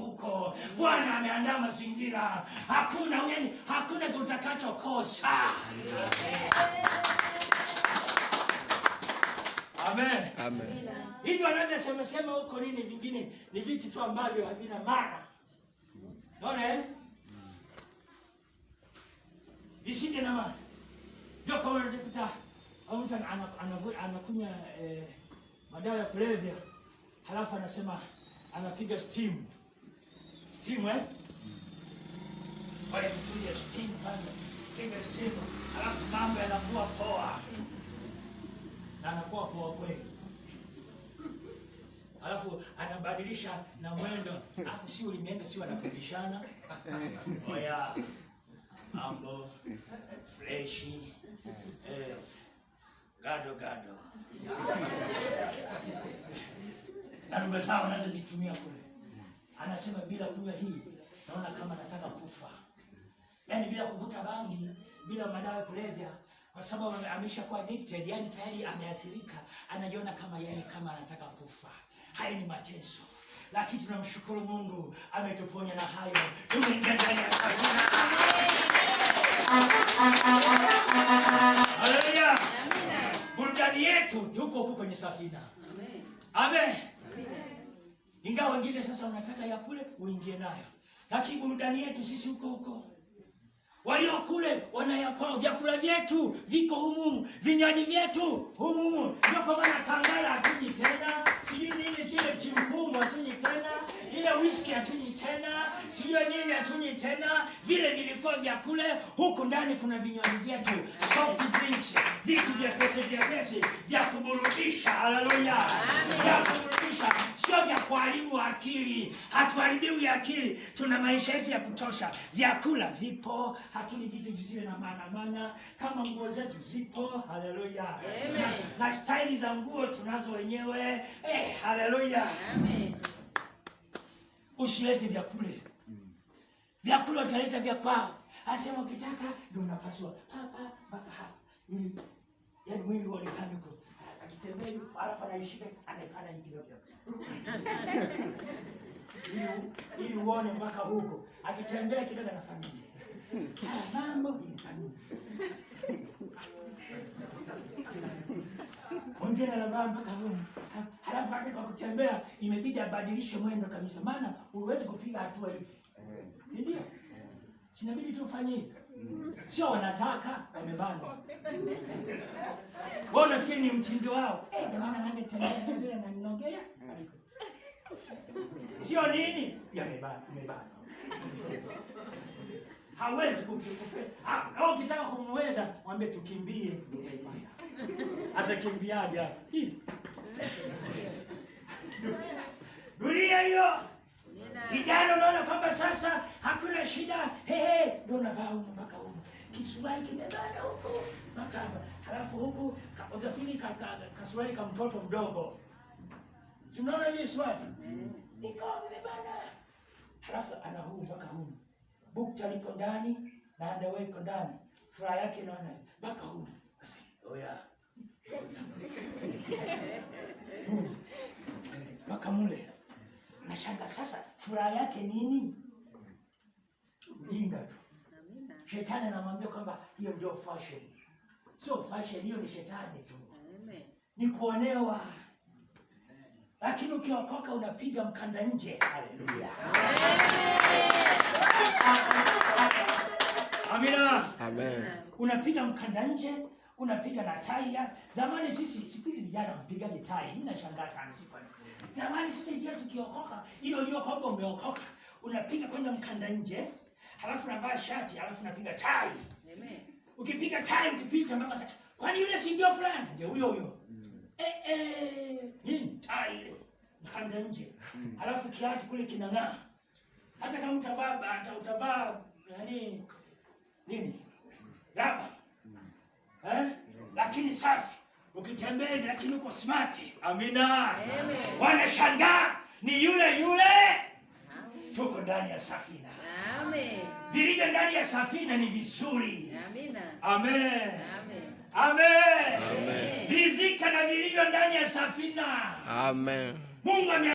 huko. Bwana ameandaa mazingira, hakuna yani, hakuna utakachokosa. Amen, amen. Hivyo anavyosema sema huko nini vingine ni vitu tu ambavyo havina maana, naona visinde eh? na maana, ndio kama unajikuta au mtu anakunywa eh, madawa ya kulevya halafu anasema anapiga steam simu eh? Walimkuja sitini kwanza, piga simu, alafu mambo yanakuwa poa na anakuwa poa kweli, alafu anabadilisha na mwendo, alafu si ulimwenda, si wanafundishana oya, mambo freshi eh, gado gado na lugha zao wanazozitumia kule Anasema bila kunywa hii naona kama nataka kufa, yaani bila kuvuta bangi, bila madawa kulevya, kwa sababu kuwa addicted, yaani tayari ameathirika, anajiona kama yani kama anataka kufa. Haya ni mateso, lakini tunamshukuru Mungu ametuponya na hayo, tumeingia ndani ya safina. Haleluya! burudani yetu yuko huko kwenye safina. Amen ingawa wengine sasa wanataka ya kule uingie nayo, lakini burudani yetu sisi huko huko walio kule wana ya kwao. Vyakula vyetu viko humu, vinywaji vyetu humu, Ndio kwa maana kangala hatunyi tena, sijui nini, sile kimpumu hatunyi tena, ile whisky hatunyi tena, sijui nini hatunyi tena. Vile vilikuwa vya kule, huku ndani kuna vinywaji vyetu, soft drinks, vitu vya pesa vya pesa vya kuburudisha. Haleluya, vya kuburudisha sio vya kuharibu akili. Hatuharibiwi akili, tuna maisha yetu ya kutosha. Vyakula vipo, hatuni vitu visivyo na maana, kama nguo zetu zipo. Haleluya! na, na staili za nguo tunazo wenyewe eh, haleluya. Usilete vyakule, vyakula utaleta vya kwao. Asema ukitaka ndio unapaswa hapa mpaka hapa, ili yani mwili uonekane huko akitembea hivi alafu anaishika anaikana hivi ili ili uone mpaka huko, akitembea kidogo anafanya mambo mwingine anavaa mpaka halafu, hata kwa kutembea imebidi abadilishe mwendo kabisa, maana huwezi kupiga hatua hivi, si ndio? Sinabidi tu ufanye hivi sio wanataka wamebana. Wao nafikiri ni mtindo wao. Eh, jamani ananitendea vile na ninongea. Sio nini? Yamebana, yamebana. Hawezi kukupea. Au ukitaka kumweza, mwambie tukimbie ndio utaipata. Atakimbiaje hapo? Dunia hiyo. Kijana sasa hakuna shida, hehe, ndio unavaa huko mpaka huko, kisuruali kimebana huko mpaka hapa, halafu huku udhafiri ka, ka, kasuruali ka mtoto mdogo, si unaona hivi swali mm-hmm. ikawa vimebana, halafu ana huu mpaka huu, bukta liko ndani na andawe iko ndani, furaha yake naona mpaka huu, oya oh mpaka mule akashanga sasa furaha yake nini? Ujinga tu. Shetani anamwambia kwamba hiyo ndio fashion. Sio fashion, hiyo ni shetani tu, ni kuonewa. Lakini ukiokoka unapiga mkanda nje. Haleluya, amina, amen. Unapiga mkanda nje unapiga na tai. Zamani sisi, siku vijana mpiga ni tai, mimi nashangaa sana siku hizi. Zamani sisi ndio tukiokoka, ile ndio kwamba umeokoka, unapiga kwenda mkanda nje, halafu unavaa shati, halafu unapiga tai. Amen. Ukipiga tai ukipita mama sasa, kwani yule si ndio fulani? Ndio huyo huyo. Mm. Eh eh, nini tai ile? Mkanda nje. Mm. Halafu kiatu kule kinang'aa. Hata kama utavaa hata utavaa nani nini? Raba eh? Mm. Lakini safi ukitembea lakini uko smart. Amina, wanashangaa ni yule yule. Tuko ndani ya safina, vilivyo ndani ya safina ni vizuri. Amen, amen, rizika na vilivyo ndani ya safina. Amen. Mungu